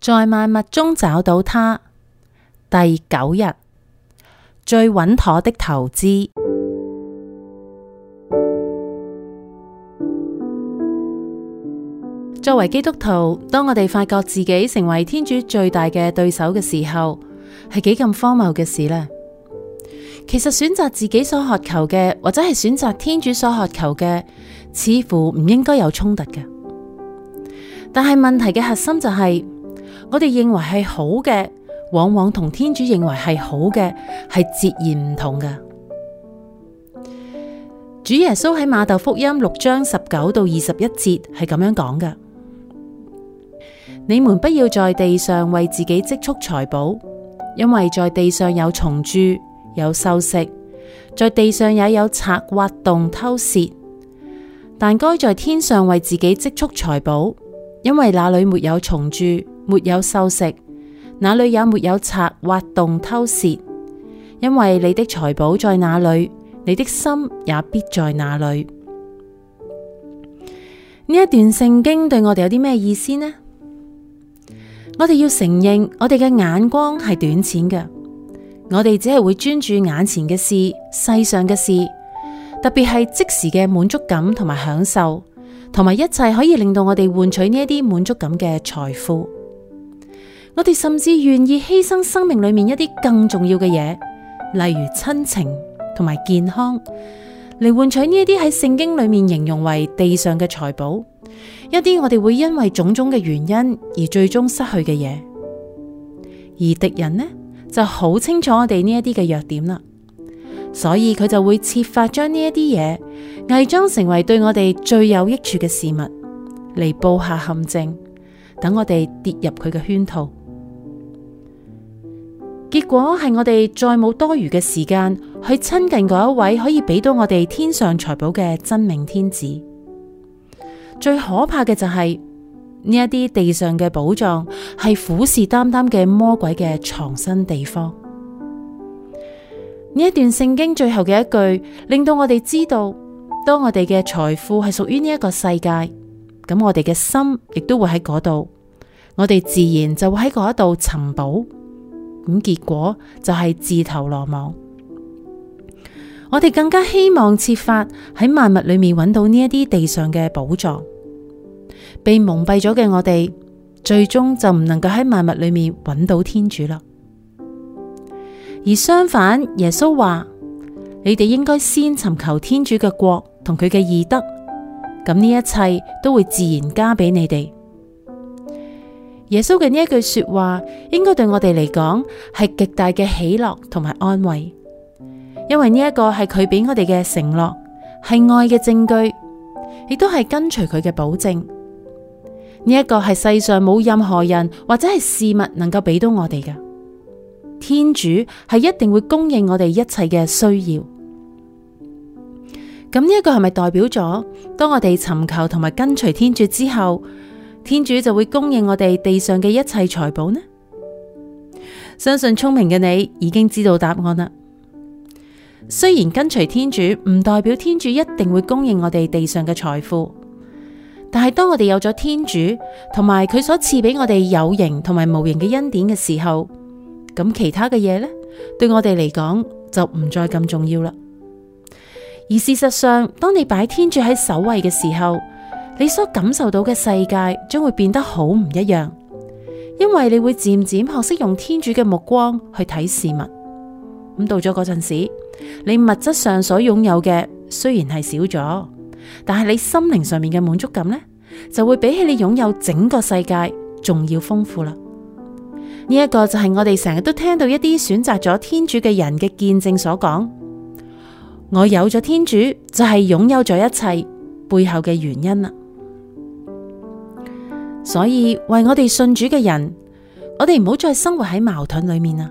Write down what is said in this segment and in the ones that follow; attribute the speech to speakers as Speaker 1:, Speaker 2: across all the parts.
Speaker 1: 在萬物中找到祂。第九日最穩妥的投資。作為基督徒，當我哋發覺自己成為天主最大嘅對手嘅時候，係幾咁荒謬嘅事呢？其實選擇自己所渴求嘅，或者係選擇天主所渴求嘅，似乎唔應該有衝突嘅。但係問題嘅核心就係、是。我哋認為係好嘅，往往同天主認為係好嘅係截然唔同嘅。主耶穌喺馬竇福音六章十九到二十一節係咁樣講嘅： 你們不要在地上為自己積蓄財寶，因為在地上有蟲蛀、有銹蝕；在地上也有賊挖洞、偷竊。但該在天上為自己積蓄財寶，因為那裡沒有蟲蛀。沒有銹蝕，哪裏也沒有賊挖洞偷竊，因為你的財寶在哪裏，你的心也必在那裏。呢一段聖經對我哋有啲咩意思呢？我哋要承認我，我哋嘅眼光係短淺嘅，我哋只係會專注眼前嘅事，世上嘅事，特別係即時嘅滿足感同埋享受，同埋一切可以令到我哋換取呢一啲滿足感嘅財富。我哋甚至願意犧牲生命裏面一啲更重要嘅嘢，例如親情同埋健康，嚟換取呢一啲喺聖經裏面形容為地上嘅財寶，一啲我哋會因為種種嘅原因而最終失去嘅嘢。而敵人呢，就好清楚我哋呢一啲嘅弱點啦，所以佢就會設法將呢一啲嘢偽裝成為對我哋最有益處嘅事物，嚟佈下陷阱，等我哋跌入佢嘅圈套。結果係我哋再冇多餘嘅時間去親近嗰一位可以俾到我哋天上財寶嘅真命天子。最可怕嘅就係呢一啲地上嘅寶藏係虎視眈眈嘅魔鬼嘅藏身地方。呢一段聖經最後嘅一句，令到我哋知道，當我哋嘅財富係屬於呢一個世界，咁我哋嘅心亦都會喺嗰度，我哋自然就會喺嗰度尋寶。咁結果就係自投羅網。我哋更加希望設法喺萬物裏面揾到呢一啲地上嘅寶藏。被蒙蔽咗嘅我哋，最終就唔能夠喺萬物裏面揾到天主啦。而相反，耶穌話：你哋應該先尋求天主嘅國同佢嘅義德，咁呢一切都會自然加俾你哋。耶穌嘅呢一句說話，應該對我哋嚟講係極大嘅喜樂同埋安慰，因為呢一個係佢俾我哋嘅承諾，係愛嘅證據，亦都係跟隨佢嘅保證。呢一個係世上冇任何人或者係事物能夠俾到我哋嘅，天主係一定會供應我哋一切嘅需要。咁呢一個係咪代表咗，當我哋尋求同埋跟隨天主之後？天主就會供應我哋地上嘅一切財寶呢？相信聰明嘅你已經知道答案啦。雖然跟隨天主唔代表天主一定會供應我哋地上嘅財富，但係當我哋有咗天主同埋佢所賜俾我哋有形同埋無形嘅恩典嘅時候，咁其他嘅嘢呢，對我哋嚟講就唔再咁重要啦。而事實上，當你擺天主喺首位嘅時候，你所感受到嘅世界將會變得好唔一樣，因為你會漸漸學識用天主嘅目光去睇事物。咁到咗嗰陣時，你物質上所擁有嘅雖然係少咗，但係你心靈上面嘅滿足感咧，就會比起你擁有整個世界仲要豐富啦。呢一個就係我哋成日都聽到一啲選擇咗天主嘅人嘅見證所講，我有咗天主就係擁有咗一切背後嘅原因啦。所以，為我哋信主嘅人，我哋唔好再生活喺矛盾裏面啦。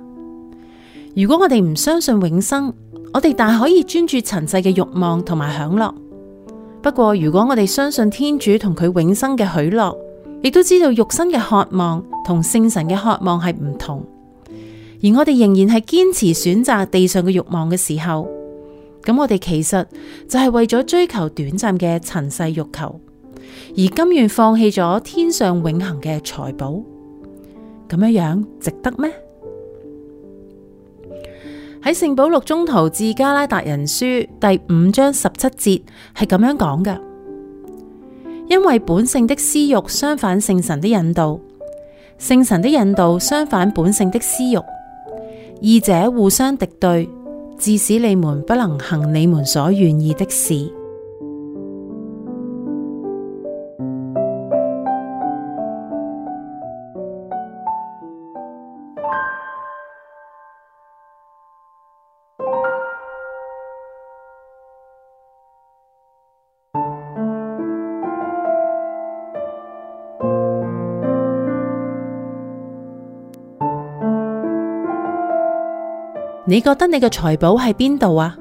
Speaker 1: 如果我哋唔相信永生，我哋大可以專注塵世嘅欲望同埋享樂。不過，如果我哋相信天主同佢永生嘅許諾，亦都知道肉身嘅渴望同聖神嘅渴望係唔同，而我哋仍然係堅持選擇地上嘅欲望嘅時候，咁我哋其實就係為咗追求短暫嘅塵世欲求，而甘願放棄咗天上永恒嘅財寶，咁樣樣值得咩？喺聖保祿宗徒致迦拉達人書第五章十七節係咁樣講嘅：因為本性的私欲相反聖神的引導，聖神的引導相反本性的私欲，二者互相敵對，致使你們不能行你們所願意的事。你覺得你嘅財寶喺邊度啊？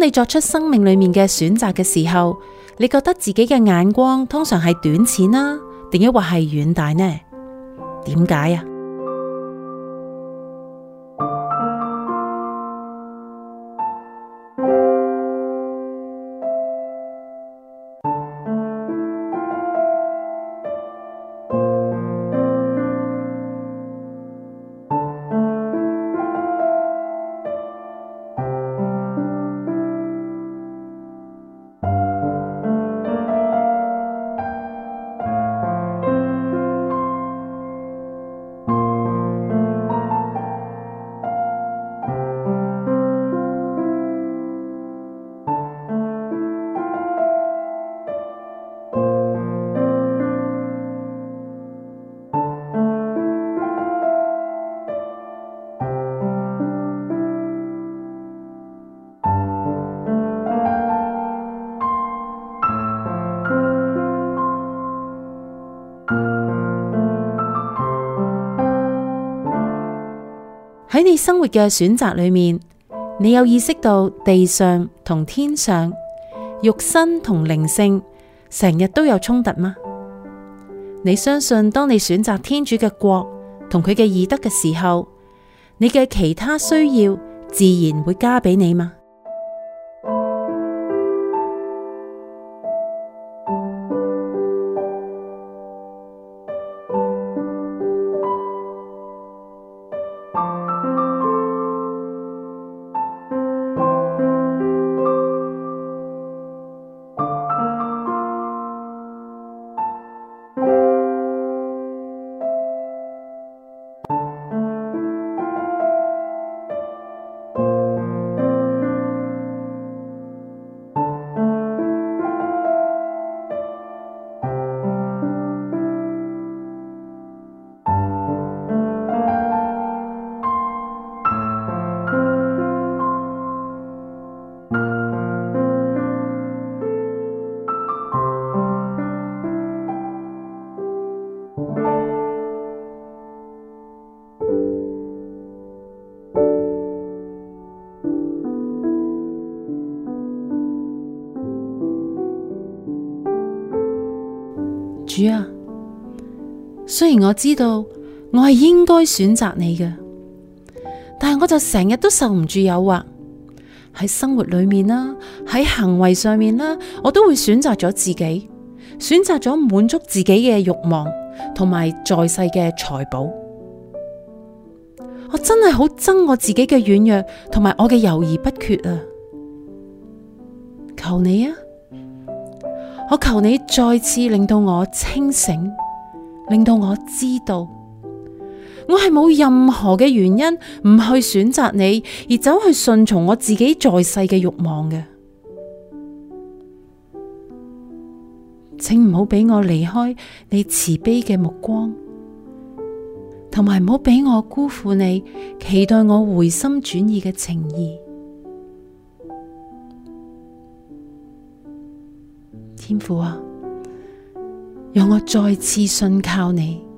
Speaker 1: 當你作出生命裏面嘅選擇嘅時候，你覺得自己嘅眼光通常係短淺啦、啊，定抑或係遠大呢？點解啊？喺你生活嘅選擇裏面，你有意識到地上同天上、肉身同靈性成日都有衝突嗎？你相信當你選擇天主嘅國同佢嘅義德嘅時候，你嘅其他需要自然會加俾你嗎？主啊，雖然我知道我係應該選擇你嘅，但係我就成日都受唔住誘惑，喺生活裏面啦，喺行為上面啦，我都會選擇咗自己，選擇咗滿足自己嘅欲望同埋在世嘅財寶。我真係好憎我自己嘅軟弱同埋我嘅猶豫不決啊！求你啊！我求你再次令到我清醒，令到我知道我係冇任何嘅原因唔去選擇你，而走去順從我自己在世嘅慾望嘅，請唔好俾我離開你慈悲嘅目光，同埋唔好俾我辜負你期待我回心轉意嘅情義。天父啊，讓我再次信靠你。